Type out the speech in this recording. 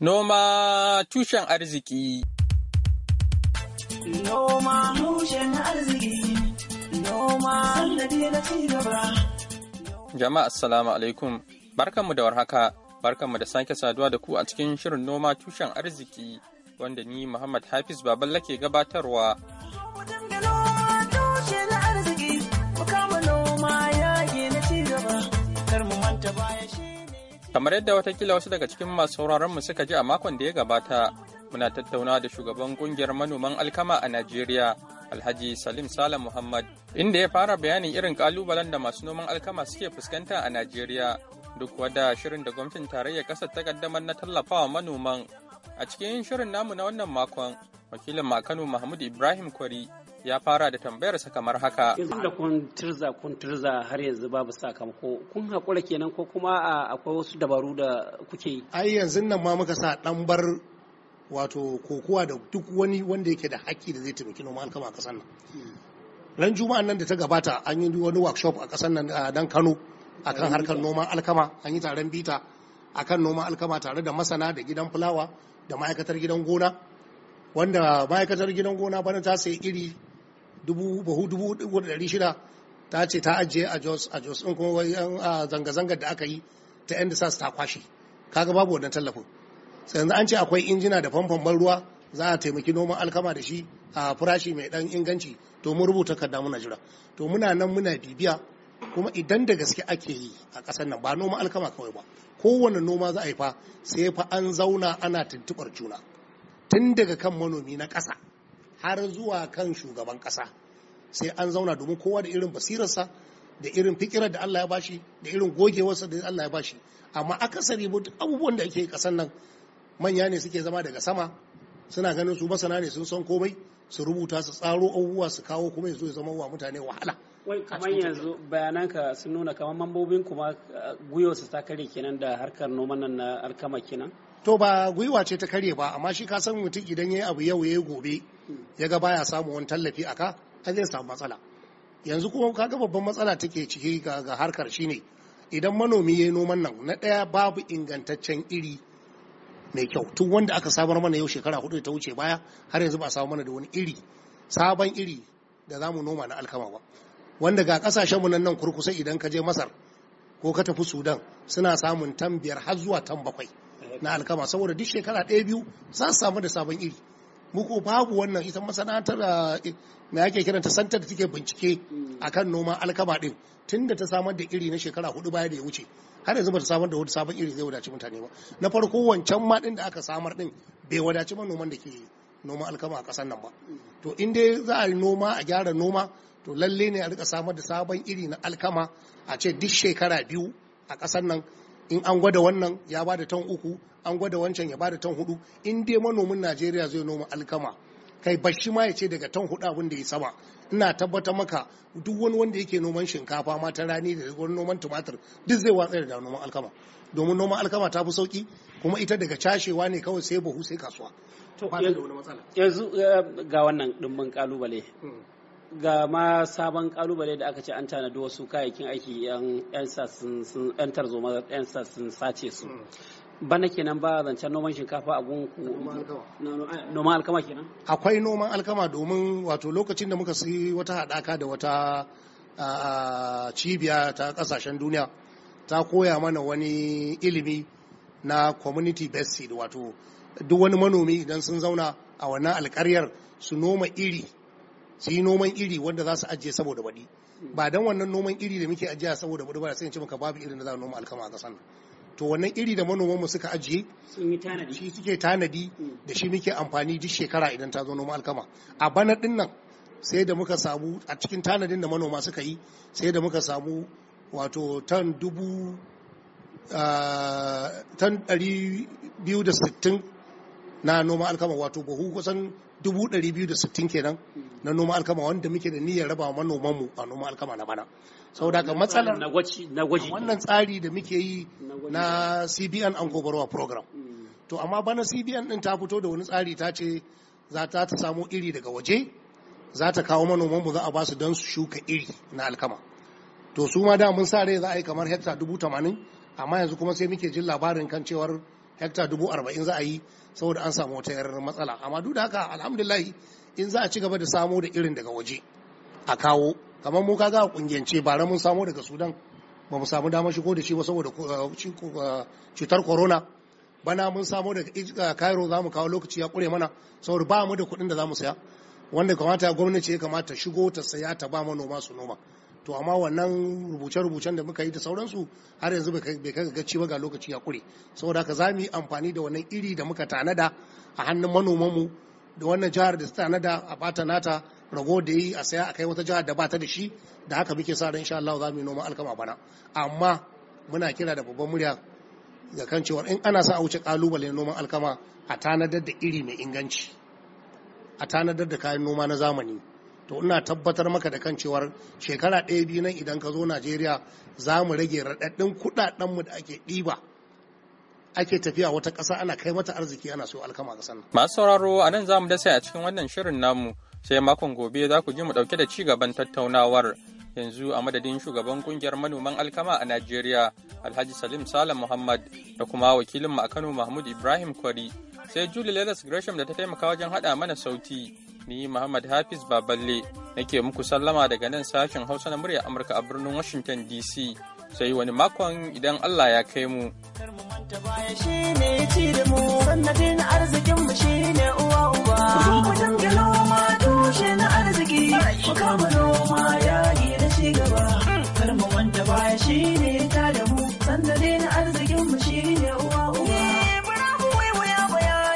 Noma tushen arziki. Noma tushen arziki. Noma na cigaba. Jama'a assalamu alaikum. Barkanmu da warhaka. Barkanmu da sake saduwa da ku a cikin shirin noma tushen arziki wanda ni Muhammad Hafiz Baballa ke gabatarwa. Noma ya na cigaba. Kar mu manta baya shi. Kamar yadda watakila wasu daga cikin masu sauraronmu suka ji a makon da ya gabata, muna tattaunawa da shugaban kungiyar manoman alkama a Najeriya, Alhaji Salim Salam Muhammad, inda ya fara bayanin irin kalubalen da masu noman alkama suke fuskanta a Najeriya, duk wada shirin da gwamnatin tarayya ƙasar ta kaddamar na tallafawa manoman. A cikin shirin namu na wannan makon, wakilin Makano Mahmud Ibrahim Kwari ya fara da tambayarsa kamar haka. Yanzu da kun tirza kun tirza har yanzu babu sakamako kun haƙura kenan ko kuma akwai wasu dabaru da kuke yi. Ai yanzu nan ma muka sa ɗan bar wato kokowa da duk wani wanda yake da haƙƙi da zai taimaki noma alkama a ƙasar nan. Hmm. Ran juma'a nan da ta gabata an yi wani workshop a ƙasar nan dan Kano akan harkar noman alkama an yi taron bita akan noman alkama tare da masana da gidan fulawa da ma'aikatar gidan gona wanda ma'aikatar gidan gona bana ta sayi iri 1600 dubu ta ce ta ajiye a jos a jos in kuma wajen zanga-zangar da aka yi ta yan sas ta kwashe kaga babu wannan tallafin sai yanzu an ce akwai injina da famfon ban ruwa za a taimaki noman alkama da shi a farashi mai dan inganci to mun rubuta kadda muna jira to muna nan muna bibiya kuma idan da gaske ake yi a ƙasar nan ba noman alkama kawai ba kowane noma za a yi fa sai fa an zauna ana tuntuɓar juna tun daga kan manomi na ƙasa har zuwa kan shugaban ƙasa sai an zauna domin kowa da irin basirarsa da irin fikirar da Allah ya bashi da irin gogewarsa da Allah ya bashi amma akasari duk abubuwan da ake kasan nan manya ne suke zama daga sama suna ganin su masana ne sun san komai su rubuta su tsaro abubuwa su kawo kuma yanzu ya zama wa mutane wahala wai kamar yanzu bayananka sun nuna kamar mambobin kuma gwiwa su ta kare kenan da harkar noman nan na alkama kenan to ba gwiwa ce ta kare ba amma shi ka san mutum idan ya yi abu yau yayi gobe ya ga baya samu wani tallafi a ka a zai samu matsala yanzu kuma kaga babban matsala take ciki ga harkar shine idan manomi ya yi noman nan na ɗaya babu ingantaccen iri mai kyau tun wanda aka samar mana yau shekara hudu ta wuce baya har yanzu ba a samu mana da wani iri sabon iri da za mu noma na alkama ba wanda ga ƙasashenmu nan nan kurkusa idan ka je masar ko ka tafi sudan suna samun tan biyar har zuwa tan bakwai na alkama saboda duk shekara ɗaya biyu za su samu da sabon iri muku babu wannan ita masana'antar yake eh, ake ta santar da take bincike mm. akan noman alkama din tunda ta samar da iri na shekara hudu baya da ya wuce har yanzu bata samar da wani sabon iri zai wadaci mutane ba na farko wancan ma din da aka samar din bai wadaci noman da ke noman alkama a kasar nan ba mm. to in dai za a yi noma a gyara noma to lalle ne a rika samar da sabon iri na alkama a ce duk shekara biyu a kasar nan in an gwada wannan ya ba da tan uku an gwada wancan ya ba da tan hudu in dai manomin najeriya zai noma alkama kai bashi ma ya ce daga tan hudu abin da ya saba ina tabbatar maka duk wani wanda yake noman shinkafa ma ta rani da wani noman tumatir duk zai watsar da noman alkama domin noman alkama ta fi sauki kuma ita daga cashewa ne kawai sai buhu sai kasuwa ba da wani matsala yanzu eh, ga wannan dimbin kalubale hmm. ga ma sabon kalubale da aka ce an tanadi wasu kayayyakin aiki yan tarzoma yan sun sace su hmm. bana kenan ba zancen noman shinkafa a gunku noman alkama kenan akwai noman alkama domin wato lokacin da muka sayi wata haɗaka da wata cibiya ta ƙasashen duniya ta koya mana wani ilimi na community based seed wato duk wani manomi idan sun zauna a wannan alkaryar su noma iri su yi noman iri wanda za su ajiye saboda baɗi ba dan wannan noman iri da muke ajiya saboda baɗi ba sai ce maka babu irin da za a noma alkama a ƙasar nan to wannan iri da manoman mu suka ajiye shi suke tanadi da shi muke amfani duk shekara idan ta zo noma alkama a bana din nan sai da muka samu a cikin tanadin da manoma suka yi sai da muka samu wato tan dubu ah, tan ɗari biyu da sittin na noma alkama wato buhu kusan 260 kenan na noma alkama wanda muke da niyyar raba manoman mu a noma alkama na bana saboda ka matsalar wannan tsari da muke yi na CBN an gobarwa program mm. to amma bana CBN din ta fito da wani tsari ta ce za ta ta samo iri daga waje za ta kawo manoman mu za a basu don su shuka iri na alkama to su ma da mun sa rai za a yi kamar hekta dubu tamanin amma yanzu kuma sai muke jin labarin kan cewar hekta dubu arba'in za a yi saboda an samu wata yarar matsala amma duk da haka alhamdulillah in za a ci gaba da samo da irin daga waje a kawo kamar mu kaga a kungiyance bara mun samo daga sudan ba mu samu damar shigo da shi ba saboda uh, uh, cutar corona bana mun samo daga uh, cairo za mu kawo lokaci ya kure mana saboda ba mu da kuɗin da za mu saya wanda kamata gwamnati ya kamata shigo ta saya ta ba manoma su noma to amma wannan rubuce-rubucen da muka yi da sauransu har yanzu bai kai gaci ba ga lokaci ya kure saboda haka za mu yi amfani da wannan iri da muka tanada a hannun manomanmu da wannan jihar da ta tanada a bata nata rago da yi a saya a kai wata jihar da bata da shi da haka muke sa ran insha Allah za mu yi noman alkama bana amma muna kira da babban murya ga kan cewa in ana sa a wuce kalubale noman alkama a tanadar da iri mai inganci a tanadar da kayan noma na zamani to ina tabbatar maka da kan cewar shekara ɗaya biyu nan idan ka zo najeriya za mu rage raɗaɗɗin kuɗaɗenmu da ake ɗiba ake tafiya wata ƙasa ana kai mata arziki ana so alkama ga sannan. masu sauraro a nan za mu dasa a cikin wannan shirin namu sai makon gobe za ku ji mu ɗauke da ci gaban tattaunawar yanzu a madadin shugaban kungiyar manoman alkama a Najeriya Alhaji Salim Salam Muhammad da kuma wakilinmu a Kano Mahmud Ibrahim Kwari sai juli Lelis Gresham da ta taimaka wajen haɗa mana sauti ni Muhammad Hafiz Baballe nake muku sallama daga nan sashen Hausa na murya Amurka a birnin Washington DC sai wani makon idan Allah ya kai mu. arzikin mu shine uwa uba.